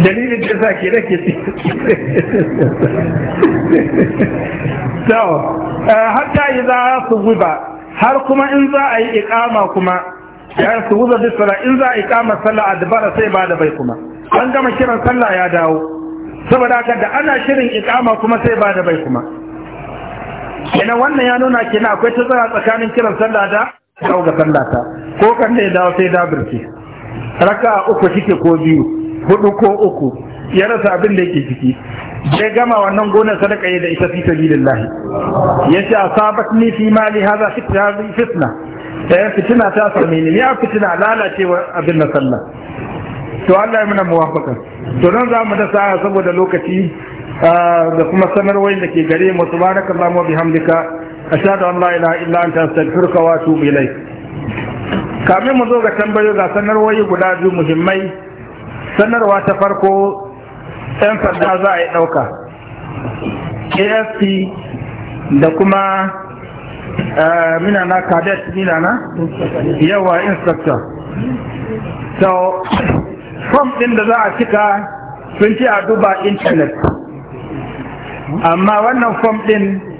dalilin da sa ke rake so eh, hatta su guba har kuma in za a yi iqama kuma ya suwiba bi sala in za a iqama sallah dabara sai ba da bai kuma an gama kiran sallah ya dawo saboda haka da ana shirin iqama kuma sai ba da bai kuma kenan wannan ya nuna kenan akwai tazara tsakanin kiran sallah da dawo ga sallata ko kan da ya dawo sai da birki raka uku kike ko biyu hudu ko uku ya rasa abin da yake ciki sai gama wannan gonar sadaka da ita fi sabilillah ya ce asabat ni fi mali hadha fitna ya fitina ta same ni ya fitina lalacewa abin na sallah to Allah ya muna muwafaka to nan za mu da sa'a saboda lokaci ah, da kuma sanarwar da ke gare mu subhanakallahumma bihamdika ashhadu an la ilaha illa anta astaghfiruka wa atubu ilayk kamin mu zo ga tambayo ga sanarwoyi guda biyu muhimmai sanarwa ta farko 'yan sanda za a yi ɗauka asp da kuma eh, minana cadet minana yawa inspector so from ɗin da za a cika sun ce a duba intanet amma wannan form ɗin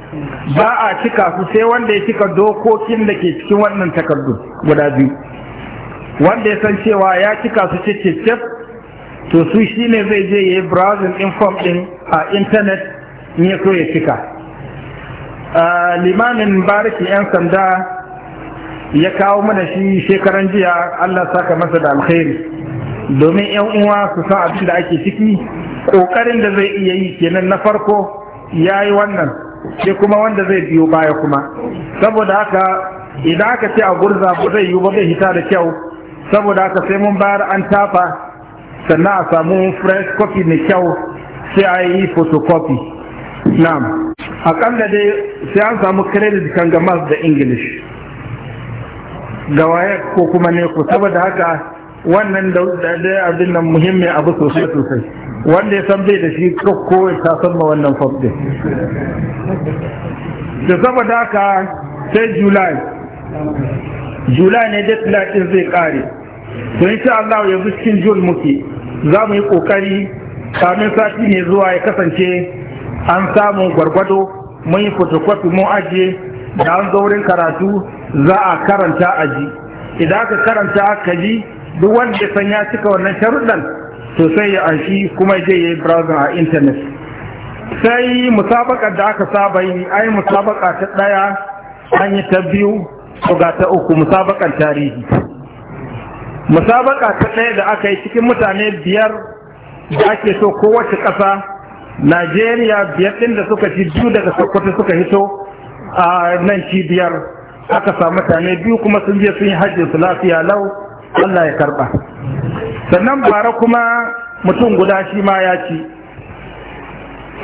ba a cika su sai wanda ya cika dokokin da ke cikin wannan takardu guda biyu wanda ya san cewa ya cika su cicicif to su shi ne zai je ya yi browsing inform din a intanet in ya so ya cika limamin bariki 'yan sanda ya kawo mana shi shekaran jiya allah saka masa da alkhairi domin 'yan uwa su san abin da ake ciki ƙoƙarin da zai iya yi kenan na farko ya yi wannan ke kuma wanda zai biyo baya kuma saboda haka idan aka ce a gurza ba zai yiwu ba zai hita da kyau saboda haka sai mun bayar an tafa sannan a samu fresh copy mai kyau sai a yi photocopy na'am akalla dai sai an samu credit kan ga mas da english ga waye ko kuma ne ko saboda haka wannan da abin nan muhimmin abu sosai sosai wanda ya san bai da shi kakko ya san ma wannan fasde din da saboda haka sai Julai, july ne deadline ɗin zai kare to insha Allah yanzu cikin jul muke za mu yi kokari kamin sati ne zuwa ya kasance an samu gwargwado mun yi photocopy mun ajiye da an zo wurin karatu za a karanta aji idan aka karanta aka ji duk wanda ya san ya cika wannan sharuɗan to sai ya anshi kuma je ya yi browsing a intanet sai musabaka da aka saba yi ai musabaka ta ɗaya an yi ta biyu ga ta uku musabakan tarihi musabaka ta ɗaya da aka yi cikin mutane biyar da ake so kowace ƙasa najeriya biyar ɗin da suka ci biyu daga sokoto suka hito a nan ci cibiyar aka samu mutane biyu kuma sun je sun yi su lafiya lau allah ya karɓa sannan bara kuma mutum guda shi ma ya ci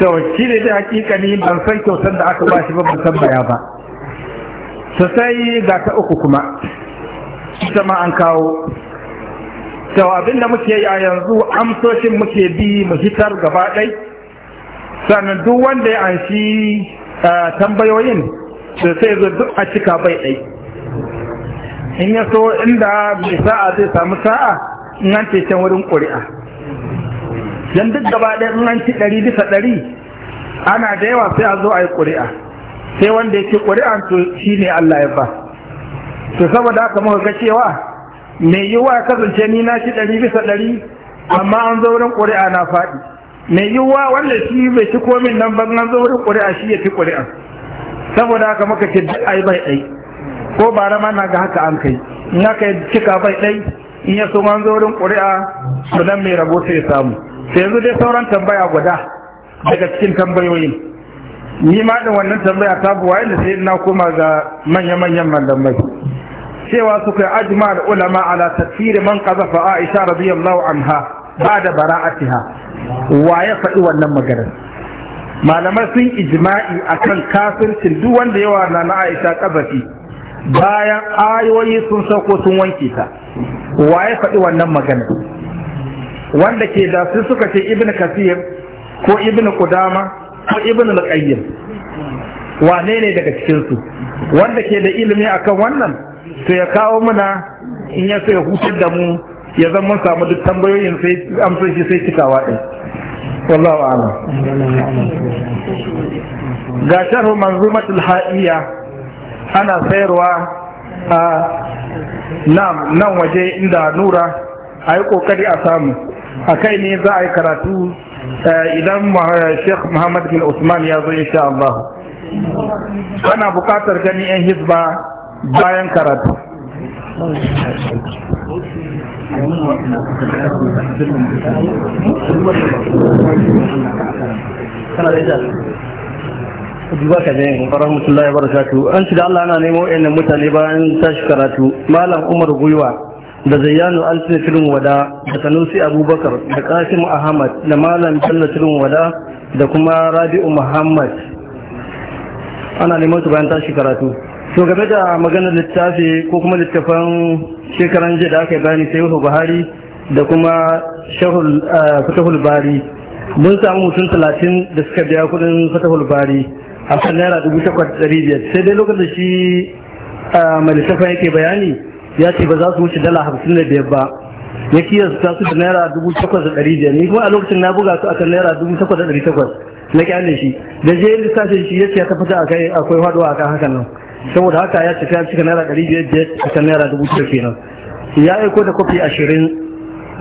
to shi ne da hakika ne ban san kyautar da aka ba shi ba ban san baya ba sosai ga ta uku kuma ita ma an kawo to abinda muke yi a yanzu amsoshin muke bi mu hitar gaba ɗai sannan duk wanda ya anshi tambayoyin sosai zo duk a cika bai ɗai in ya inda mai sa'a zai samu sa'a in an ce can wurin ƙuri'a yan duk gaba ɗaya in an ci ɗari bisa ɗari ana da yawa sai a zo a yi ƙuri'a sai wanda ya ci ƙuri'a to shi ne Allah ya ba to saboda haka muka ga cewa mai yiwuwa ya kasance ni na ci ɗari bisa ɗari amma an zo wurin ƙuri'a na faɗi mai yiwuwa wanda shi bai ci komin nan ba an zo wurin ƙuri'a shi ya ci ƙuri'a saboda haka muka ce duk ai bai ɗai ko ba rama na ga haka an kai in aka yi cika bai ɗai in ya so man zo wurin ƙuri'a sunan mai rabo sai ya samu sai yanzu dai sauran tambaya guda daga cikin tambayoyin ni ma da wannan tambaya ta buwa yadda sai na koma ga manya-manyan mallamai cewa su kai ajima da ulama ala tafsiri man qazafa Aisha radiyallahu anha ba da bara'atiha wa ya faɗi wannan maganar malamai sun ijma'i akan kafircin duk wanda yawa na na Aisha kazafi bayan ayoyi sun sauko sun wanke ta ya faɗi wannan magana wanda ke da su suka ce ibn kasir ko ibn kudama ko ibn al-qayyim wane ne daga cikinsu wanda ke da ilimi akan wannan to ya kawo muna in ya so ya da mu ya zama mun samu duk tambayoyin sai shi sai cikawa ɗin wallahu a'lam ga sharhu manzumatul ha'iyya ana sayarwa a nan waje inda nura a yi kokari a samu a kai ne za a yi karatu eh, idan sheikh muhammad bin usman ya zo insha Allah ana bukatar gani 'yan hizba bayan karatu duba ka ne rahmatullahi barakatu an ci da Allah ana nemo wayannan mutane bayan tashi karatu malam Umar Gwiwa da Zayyanu Alfin Filin Wada da Sanusi Abubakar da Qasim Ahmad da malam Bello Filin Wada da kuma Rabi'u Muhammad ana neman su bayan tashi karatu to game da maganar littafi ko kuma littafan shekaran jiya da aka gani sai Buhari da kuma Shahul eh, Fatahul Bari mun samu mutum talatin da suka biya kudin Fatahul Bari a naira dubu takwas ɗari biyar sai dai lokacin da shi mai lissafa yake bayani ya ce ba za su wuce dala hamsin da biyar ba ya kiyasta su da naira dubu takwas da ɗari biyar ni kuma a lokacin na buga su a kan naira dubu takwas da ɗari takwas na kyale shi da je lissafin shi ya ce ya fita a kai akwai haɗuwa a kan hakan nan saboda haka ya ce ya cika naira ɗari biyar biyar a kan naira dubu takwas kenan ya aiko da kofi ashirin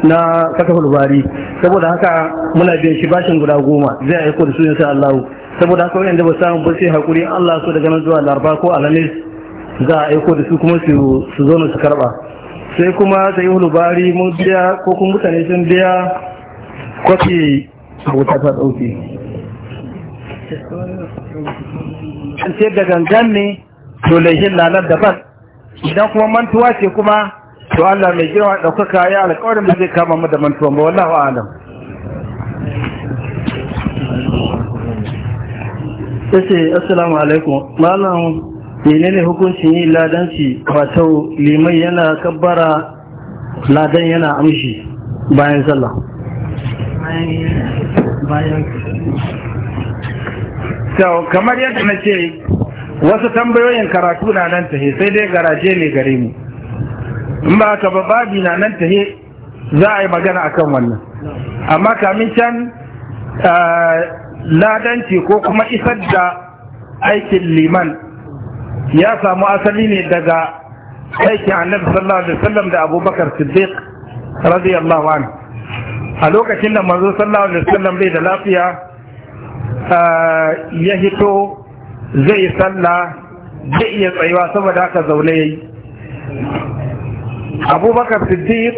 na kakafa lubari saboda haka muna biyan shi bashin guda goma zai aiko da sunan sai Allahu saboda haka wanda ba samu ba sai hakuri Allah so daga nan zuwa larba ko alamis za a aiko da su kuma su zo su karba sai kuma ta yi hulubari mun biya ko kuma mutane sun biya kwafi a wuta ta ɗauki an ce da gangan ne to laifin lalar daban idan kuma mantuwa ce kuma to Allah mai girma ɗaukaka ya alƙawarin da zai kama mu da mantuwa ba wallahu alam ya ce assalamu alaikum malam menene hukuncin yin ladanci wato liman yana kabbara ladan yana amshi bayan sallah kamar yadda na ce wasu tambayoyin karatu na nan tahe sai dai garaje ne gare mu in ba ka ba babi na nan tahe za a yi magana akan wannan amma kamin can ah, ladanci ko kuma isar da aikin liman ya samu asali ne daga aikin annabi sallallahu alaihi wasallam da abubakar siddiq radiyallahu anhu a lokacin da manzo sallallahu alaihi wasallam bai da lafiya eh, ya hito zai salla zai iya tsayuwa saboda haka zaune yayi abubakar siddiq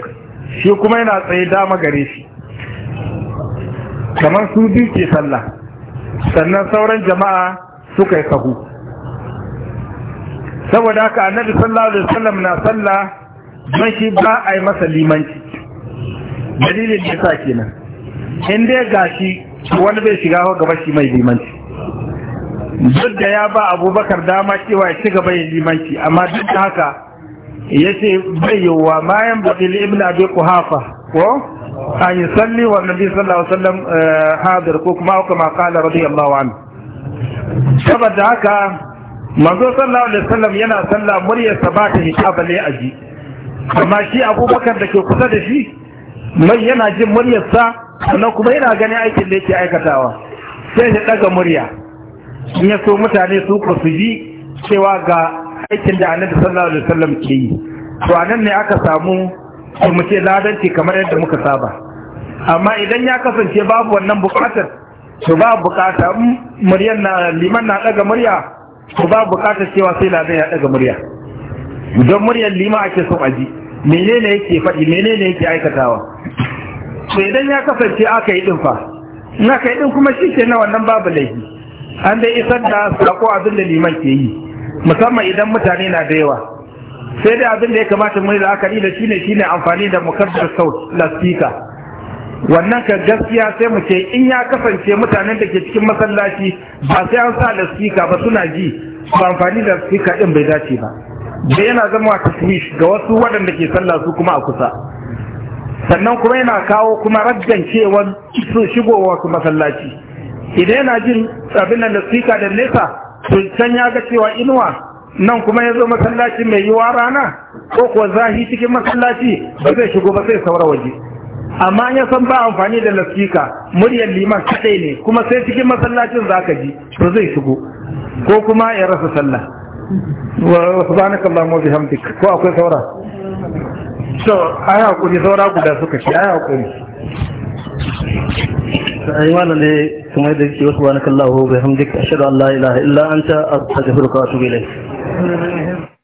shi kuma yana tsaye dama gare shi kamar su biyu ke sallah sannan sauran jama'a suka yi sahu saboda haka annabi sallallahu alaihi wasallam na sallah don shi ba a yi masa limanci dalilin da sa kenan in dai gashi wani bai shiga gaba shi mai limanci duk da ya ba abubakar dama cewa ya shiga bai limanci amma duk da haka ya ce bai yiwuwa mayan baɗin ibn abi kuhafa ko an yi salli wa nabi sallallahu alaihi wasallam eh, hadir ko kuma ma kala radiyallahu anhu saboda haka manzo sallallahu alaihi wasallam yana sallah muryar sa ba ta hijaba ne aji amma shi abubakar da ke kusa da shi mai yana jin muryar sa sannan kuma yana ganin aikin da yake aikatawa sai ya daga murya in ya so mutane su ku su ji cewa ga aikin da annabi sallallahu alaihi wasallam ke yi to anan ne aka samu to mu ce ladanci kamar yadda muka saba amma idan ya kasance babu wannan bukatar to ba bukata muryar na liman na daga murya to ba bukatar cewa sai ladan ya daga murya don muryar lima ake son aji menene yake faɗi menene yake aikatawa to idan ya kasance aka yi din fa in aka yi din kuma shi ke na wannan babu laifi an dai isar da sako abin da liman ke yi musamman idan mutane na da yawa sai dai abin da ya kamata mu yi la'akari da shine shine amfani da mukaddar saut lastika wannan ka gaskiya sai mu ce in ya kasance mutanen da ke cikin masallaci ba sai an sa lastika ba suna ji ba amfani da lastika din bai dace ba da yana zama tashwish ga wasu waɗanda ke sallah su kuma a kusa sannan kuma yana kawo kuma raddan cewan su shigowa wasu masallaci idan yana jin abin da lastika da nesa to can ya ga cewa inuwa nan kuma ya zo masallaci mai yiwa rana ko kuwa zahi cikin masallaci ba zai shigo ba sai saura waje amma ya san ba amfani da lafika muryar liman kaɗai ne kuma sai cikin masallacin za ka ji ba zai shigo ko kuma ya rasa sallah wa subhanaka allahumma wa bihamdik ko akwai saura so ai hakuri saura guda suka ci ai hakuri أيوانا لكم يدك سبحانك الله وبحمدك أشهد أن لا إله إلا أنت أستغفرك وأتوب إليك